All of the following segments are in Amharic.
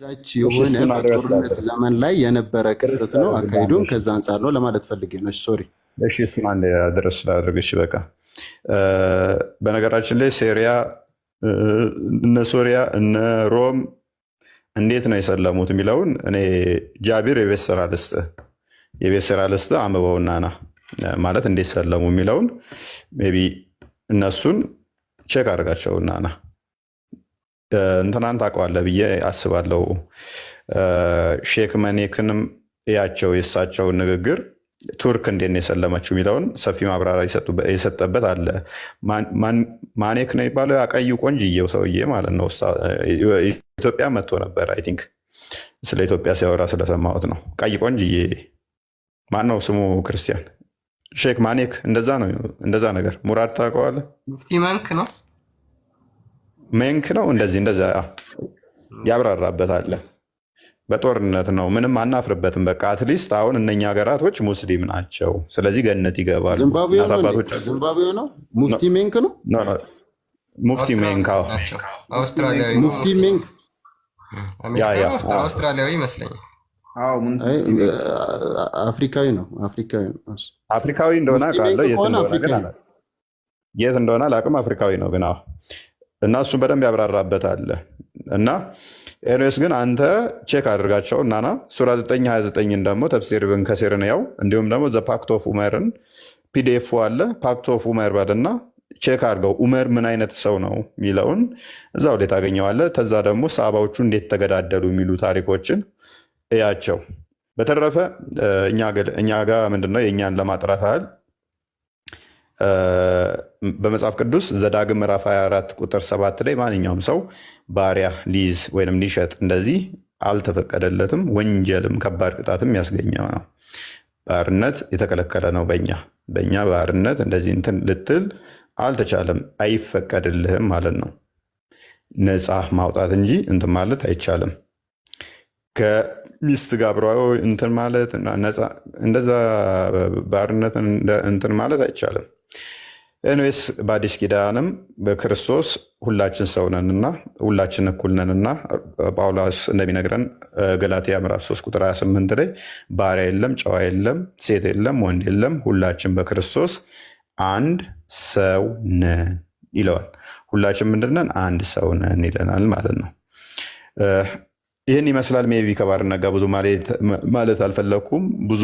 ዛች የሆነ በጦርነት ዘመን ላይ የነበረ ክስተት ነው አካሄዱም ከዛ አንጻር ነው ለማለት ፈልጌ ነው። ሶሪ እሺ፣ እሱን አንድ አድረስ ላድርግ። በቃ በነገራችን ላይ ሴሪያ እነ ሶሪያ እነ ሮም እንዴት ነው የሰለሙት የሚለውን እኔ ጃቢር የቤት ስራ ልስጥ የቤት ስራ ልስጥ አንብበውና ና ማለት እንዴት ሰለሙ የሚለውን ሜይ ቢ እነሱን ቼክ አድርጋቸውና ና እንትናን ታውቀዋለህ ብዬ አስባለሁ። ሼክ መኔክንም እያቸው የእሳቸው ንግግር ቱርክ እንዴት ነው የሰለመችው የሚለውን ሰፊ ማብራሪያ የሰጠበት አለ። ማኔክ ነው የሚባለው ያቀዩ ቆንጅዬው ሰውዬ ማለት ነው። ኢትዮጵያ መጥቶ ነበር። አይ ቲንክ ስለ ኢትዮጵያ ሲያወራ ስለሰማሁት ነው። ቀይ ቆንጅዬ ማን ነው ስሙ? ክርስቲያን ሼክ ማኔክ እንደዛ ነው። እንደዛ ነገር ሙራድ ታውቀዋለህ? ሙፍቲ መልክ ነው መንክ ነው እንደዚህ እንደዛ ያብራራበታል። በጦርነት ነው ምንም አናፍርበትም። በቃ አትሊስት አሁን እነኛ ሀገራቶች ሙስሊም ናቸው፣ ስለዚህ ገነት ይገባሉ። ዚምባብዌ ነው ሙፍቲ ሜንክ ነው ሙፍቲ ሜንክ ሙፍቲ ሜንክ አውስትራሊያዊ ይመስለኛል። አፍሪካዊ ነው አፍሪካዊ ነው አፍሪካዊ እንደሆነ ቃለው የት እንደሆነ አላውቅም። አፍሪካዊ ነው ግን እና እሱን በደንብ ያብራራበታል። እና ኤርሜስ ግን አንተ ቼክ አድርጋቸው እናና ሱራ 929ን ደግሞ ተፍሲር ብን ከሴርን ያው እንዲሁም ደግሞ ዘ ፓክት ኦፍ ኡመርን ፒዲኤፍ አለ ፓክት ኦፍ ኡመር በልና ቼክ አድርገው ኡመር ምን አይነት ሰው ነው የሚለውን እዛው ላይ ታገኘዋለህ። ተዛ ደግሞ ሰሃባዎቹ እንዴት ተገዳደሉ የሚሉ ታሪኮችን እያቸው። በተረፈ እኛ ጋር ምንድነው የእኛን ለማጥራት ያህል በመጽሐፍ ቅዱስ ዘዳግም ምዕራፍ 24 ቁጥር 7 ላይ ማንኛውም ሰው ባሪያ ሊይዝ ወይም ሊሸጥ እንደዚህ አልተፈቀደለትም፣ ወንጀልም ከባድ ቅጣትም ያስገኘው ነው። ባርነት የተከለከለ ነው። በኛ በእኛ ባርነት እንደዚህ እንትን ልትል አልተቻለም፣ አይፈቀድልህም ማለት ነው። ነፃ ማውጣት እንጂ እንትን ማለት አይቻልም። ከሚስት ጋር አብሮ እንትን ማለት እንደዛ ባርነት እንትን ማለት አይቻልም። ኤንዌስ በአዲስ ኪዳንም በክርስቶስ ሁላችን ሰው ነንና ሁላችን እኩል ነንና ጳውሎስ እንደሚነግረን ገላትያ ምዕራፍ 3 ቁጥር 28 ላይ ባሪያ የለም፣ ጨዋ የለም፣ ሴት የለም፣ ወንድ የለም፣ ሁላችን በክርስቶስ አንድ ሰው ነን ይለዋል። ሁላችን ምንድነን? አንድ ሰው ነን ይለናል ማለት ነው። ይህን ይመስላል። ሜቢ ነጋ ብዙ ማለት አልፈለኩም። ብዙ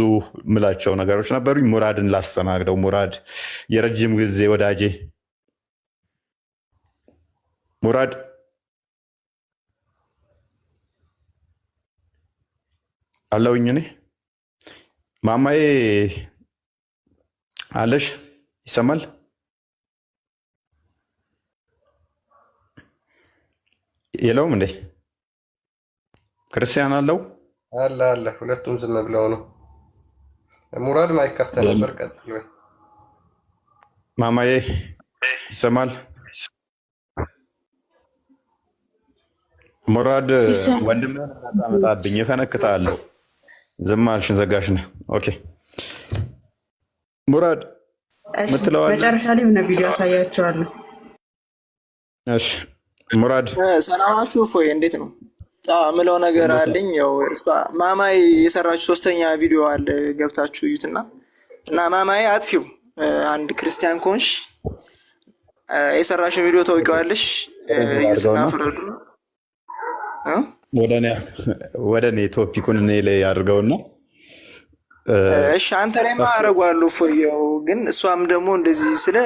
ምላቸው ነገሮች ነበሩ። ሙራድን ላስተናግደው። ሙራድ የረጅም ጊዜ ወዳጄ ሙራድ አለውኝ። እኔ ማማዬ አለሽ? ይሰማል የለውም እንዴ? ክርስቲያን አለው አለ አለ። ሁለቱም ዝም ብለው ነው። ሙራድ ማይክ ከፍተህ ነበር፣ ቀጥል። ማማዬ ይሰማል? ሙራድ ወንድም መጣብኝ፣ ይፈነክታለሁ ዝም አልሽን፣ ዘጋሽ ነ ኦኬ ሙራድ ምትለዋል። መጨረሻ ላይ የሆነ ቪዲዮ አሳያቸዋለሁ። ሙራድ ሰላማችሁ ፎይ እንዴት ነው? ምለው ነገር አለኝ። ያው ማማይ የሰራችሁ ሶስተኛ ቪዲዮ አለ ገብታችሁ እዩትና እና ማማይ አጥፊው አንድ ክርስቲያን ኮንሽ የሰራሽን ቪዲዮ ታውቂዋለሽ። እዩትና ፍረዱ። ወደ እኔ ቶፒኩን እኔ ላይ አድርገውና እሺ አንተ ላይ አረጓለሁ ፎየው ግን እሷም ደግሞ እንደዚህ ስለ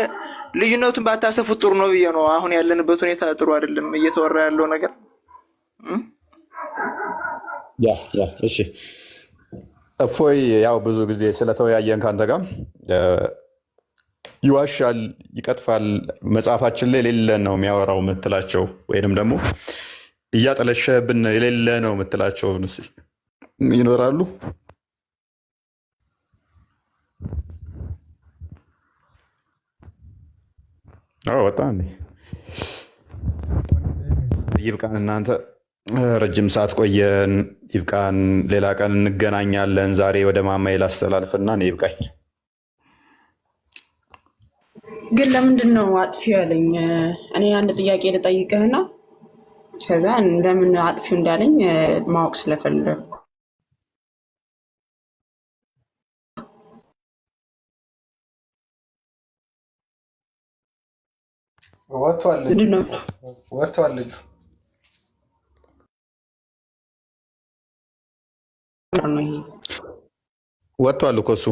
ልዩነቱን ባታሰፉት ጥሩ ነው ብዬ ነው። አሁን ያለንበት ሁኔታ ጥሩ አይደለም፣ እየተወራ ያለው ነገር እሺ እፎይ፣ ያው ብዙ ጊዜ ስለተወያየን ከአንተ ጋር ይዋሻል፣ ይቀጥፋል፣ መጽሐፋችን ላይ የሌለ ነው የሚያወራው የምትላቸው ወይንም ደግሞ እያጠለሸህብን የሌለ ነው የምትላቸው ይኖራሉ? ወጣ ይብቃን እናንተ ረጅም ሰዓት ቆየን። ይብቃን፣ ሌላ ቀን እንገናኛለን። ዛሬ ወደ ማማዬ ላስተላልፍና እኔ ይብቃኝ። ግን ለምንድን ነው አጥፊው ያለኝ? እኔ አንድ ጥያቄ ልጠይቅህና ከዛ ለምን አጥፊው እንዳለኝ ማወቅ ስለፈለኩ ወጥቷል። ልጁ ጀምር ነው ይሄ ወጥቷል እኮ እሱ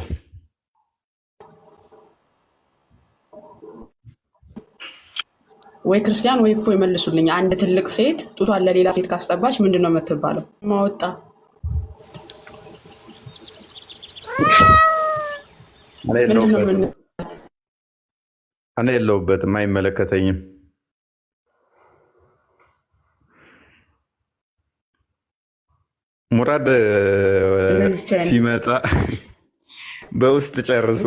ወይ ክርስቲያን ወይ እፎ ይመልሱልኝ። አንድ ትልቅ ሴት ጡቷን ለሌላ ሴት ካስጠባች ምንድን ነው የምትባለው? ማወጣ እኔ የለሁበትም፣ አይመለከተኝም። ሙራድ ሲመጣ በውስጥ ጨርሱ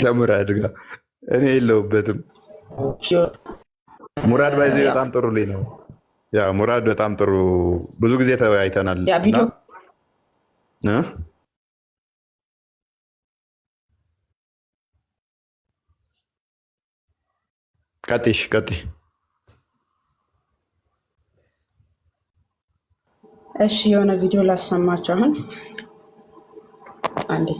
ከሙራድ ጋር እኔ የለውበትም ሙራድ ባይዜ በጣም ጥሩ ልኝ ነው። ያ ሙራድ በጣም ጥሩ ብዙ ጊዜ ተወያይተናል። ቀጥሽ ቀጥሽ እሺ የሆነ ቪዲዮ ላሰማችሁ አሁን አንዴ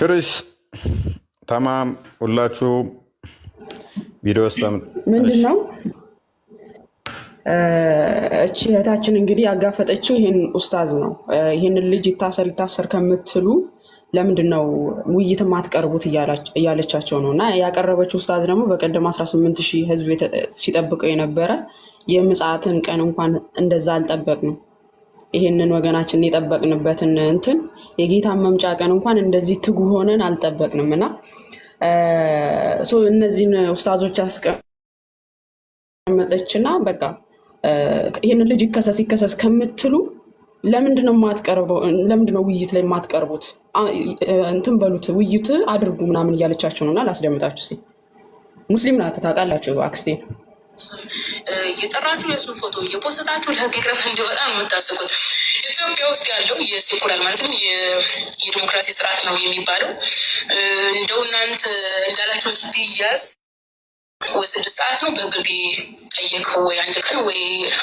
ክርስ ተማም ሁላችሁ ቪዲዮ ውስጥ ምንድን ነው እቺ እህታችን እንግዲህ ያጋፈጠችው ይህን ኡስታዝ ነው። ይህንን ልጅ ይታሰር ይታሰር ከምትሉ ለምንድን ነው ውይይት ማትቀርቡት እያለቻቸው ነው። እና ያቀረበችው ኡስታዝ ደግሞ በቀደም 18 ሺህ ህዝብ ሲጠብቀው የነበረ የምጽአትን ቀን እንኳን እንደዛ አልጠበቅንም። ይህንን ወገናችን የጠበቅንበትን እንትን የጌታን መምጫ ቀን እንኳን እንደዚህ ትጉ ሆነን አልጠበቅንም። እና እነዚህን ኡስታዞች አስቀመጠችና በቃ ይህን ልጅ ይከሰስ ይከሰስ ከምትሉ ለምንድነው ነው ውይይት ላይ የማትቀርቡት? እንትን በሉት ውይይት አድርጉ ምናምን እያለቻቸው ነው እና ላስደምጣችሁ ሲ ሙስሊም ናት ታውቃላችሁ፣ አክስቴ የጠራችሁ የእሱን ፎቶ የፖስታችሁ ለህግ ቅረፍ እንዲወጣ ነው የምታስቁት ኢትዮጵያ ውስጥ ያለው የሴኩላር ማለትም የዲሞክራሲ ስርዓት ነው የሚባለው። እንደው እናንተ እንዳላችሁት ቢያዝ ስድስት ሰዓት ነው በግቢ ጠየቅ ወይ አንድ ቀን ወይ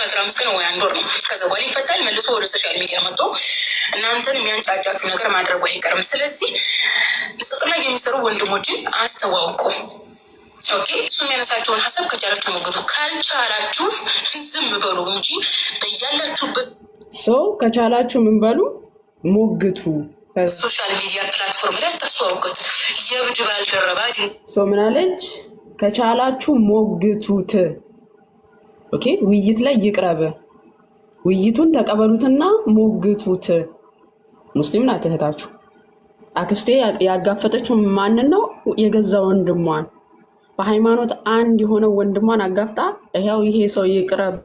አስራ አምስት ቀን ወይ አንድ ወር ነው። ከዛ በኋላ ይፈታል። መልሶ ወደ ሶሻል ሚዲያ መጥቶ እናንተን የሚያንጫጫት ነገር ማድረጉ አይቀርም። ስለዚህ ጽጥ ላይ የሚሰሩ ወንድሞችን አስተዋውቁ። ኦኬ እሱ የሚያነሳቸውን ሀሳብ ከቻላችሁ ሞግቱ፣ ካልቻላችሁ ዝም በሉ እንጂ በያላችሁበት ሰው ከቻላችሁ ምን በሉ ሞግቱ። ሶሻል ሚዲያ ፕላትፎርም ላይ አታስተዋውቁት። የብድ ባልደረባ ሰው ምናለች ከቻላችሁ ሞግቱት። ኦኬ፣ ውይይት ላይ ይቅረብ። ውይይቱን ተቀበሉትና ሞግቱት። ሙስሊም ናት እህታችሁ። አክስቴ ያጋፈጠችው ማንን ነው? የገዛ ወንድሟን በሃይማኖት አንድ የሆነ ወንድሟን አጋፍጣ ይኸው ይሄ ሰው ይቅረብ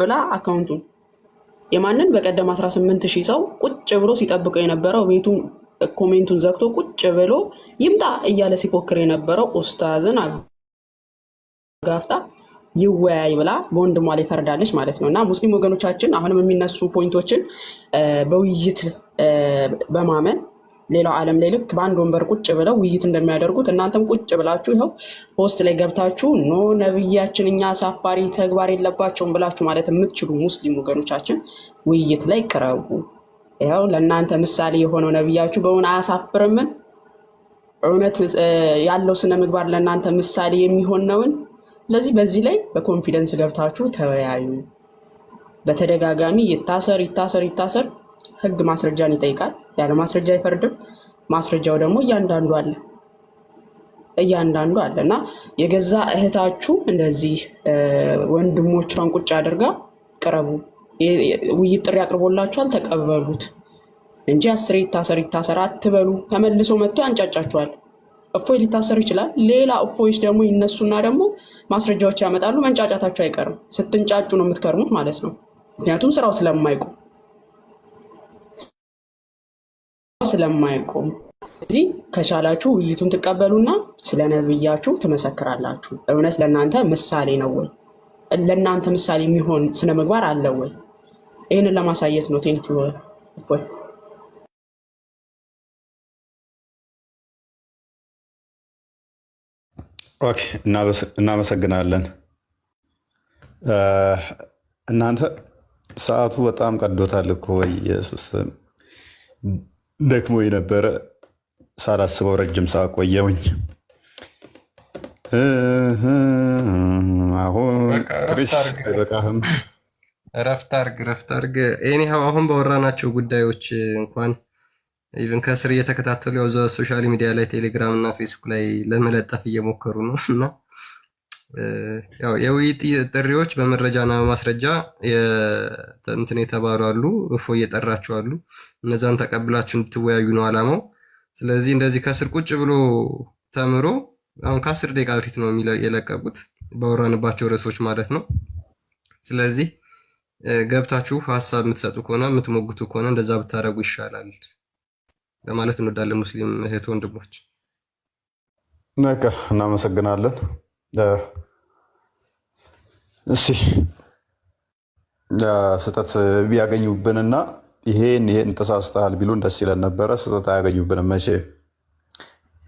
ብላ አካውንቱን የማንን በቀደም 18 ሺህ ሰው ቁጭ ብሎ ሲጠብቀው የነበረው ቤቱ ኮሜንቱን ዘግቶ ቁጭ ብሎ ይምጣ እያለ ሲፎክር የነበረው ኡስታዝን አጋፍጣ ይወያይ ብላ በወንድሟ ላይ ፈርዳለች ማለት ነው። እና ሙስሊም ወገኖቻችን አሁንም የሚነሱ ፖይንቶችን በውይይት በማመን ሌላው ዓለም ላይ ልክ በአንድ ወንበር ቁጭ ብለው ውይይት እንደሚያደርጉት እናንተም ቁጭ ብላችሁ ይኸው ፖስት ላይ ገብታችሁ ኖ ነብያችን እኛ አሳፋሪ ተግባር የለባቸውም ብላችሁ ማለት የምትችሉ ሙስሊም ወገኖቻችን ውይይት ላይ ቅረቡ። ይኸው ለእናንተ ምሳሌ የሆነው ነቢያችሁ በእውን አያሳፍርምን? እውነት ያለው ስነ ምግባር ለእናንተ ምሳሌ የሚሆን ነውን? ስለዚህ በዚህ ላይ በኮንፊደንስ ገብታችሁ ተወያዩ። በተደጋጋሚ ይታሰር ይታሰር ይታሰር፣ ህግ ማስረጃን ይጠይቃል። ያለ ማስረጃ አይፈርድም። ማስረጃው ደግሞ እያንዳንዱ አለ እያንዳንዱ አለ እና የገዛ እህታችሁ እንደዚህ ወንድሞቿን ቁጭ አድርጋ ቅረቡ። ውይይት ጥሪ አቅርቦላችኋል፣ ተቀበሉት እንጂ አስሬ ይታሰር ይታሰር አትበሉ። ተመልሶ መጥቶ ያንጫጫችኋል። እፎይ ሊታሰር ይችላል። ሌላ እፎይስ ደግሞ ይነሱና ደግሞ ማስረጃዎች ያመጣሉ። መንጫጫታችሁ አይቀርም። ስትንጫጩ ነው የምትከርሙት ማለት ነው። ምክንያቱም ስራው ስለማይቆም ስለማይቆም እዚህ ከቻላችሁ ውይይቱን ትቀበሉና ስለ ነብያችሁ ትመሰክራላችሁ። እውነት ለእናንተ ምሳሌ ነው ወይ? ለእናንተ ምሳሌ የሚሆን ስነምግባር አለ ወይ? ይህንን ለማሳየት ነው። ቴንኪ ወይ ኦኬ፣ እናመሰግናለን። እናንተ ሰዓቱ በጣም ቀዶታል እኮ ኢየሱስ፣ ደክሞ የነበረ ሳላስበው ረጅም ሰዓት ቆየውኝ። አሁን ጥሪስ አይበቃህም? ረፍት አርግ አርግ። ኤኒሃው አሁን በወራናቸው ጉዳዮች እንኳን ኢቭን ከስር እየተከታተሉ ያው እዛ ሶሻል ሚዲያ ላይ ቴሌግራም እና ፌስቡክ ላይ ለመለጠፍ እየሞከሩ ነው እና ያው የውይይት ጥሪዎች በመረጃና በማስረጃ እንትን የተባሉ አሉ። እፎ እየጠራችሁ አሉ። እነዛን ተቀብላችሁ እንድትወያዩ ነው አላማው። ስለዚህ እንደዚህ ከስር ቁጭ ብሎ ተምሮ አሁን ከአስር ደቂቃ በፊት ነው የለቀቁት በወራንባቸው ርዕሶች ማለት ነው። ስለዚህ ገብታችሁ ሀሳብ የምትሰጡ ከሆነ የምትሞግቱ ከሆነ እንደዛ ብታደርጉ ይሻላል ለማለት እንወዳለን። ሙስሊም እህት ወንድሞች ነቀ እናመሰግናለን። እሺ ስህተት ቢያገኙብንና ይሄን ይሄን ተሳስተሃል ቢሉን ደስ ይለን ነበረ። ስህተት አያገኙብንም፣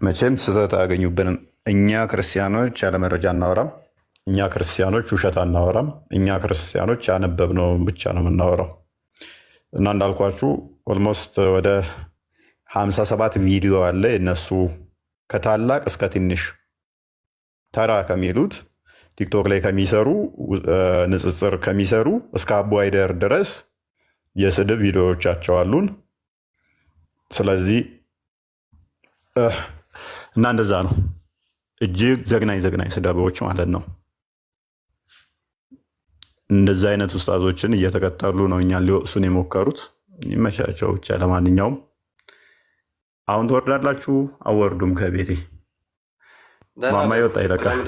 መቼም ስህተት አያገኙብንም። እኛ ክርስቲያኖች ያለ መረጃ አናወራም። እኛ ክርስቲያኖች ውሸት አናወራም። እኛ ክርስቲያኖች ያነበብነው ብቻ ነው የምናወራው እና እንዳልኳችሁ ኦልሞስት ወደ 57 ቪዲዮ አለ የነሱ ከታላቅ እስከ ትንሽ ተራ ከሚሉት ቲክቶክ ላይ ከሚሰሩ ንጽጽር ከሚሰሩ እስከ አቦይደር ድረስ የስድብ ቪዲዮዎቻቸው አሉን። ስለዚህ እና እንደዛ ነው። እጅግ ዘግናኝ ዘግናኝ ስድቦች ማለት ነው። እንደዚህ አይነት ውስጣዞችን እየተከተሉ ነው እኛን ሊወቅሱን የሞከሩት። ይመቻቸው ብቻ። ለማንኛውም አሁን ትወርዳላችሁ፣ አወርዱም ከቤቴ ማማ ይወጣ ይለቃል።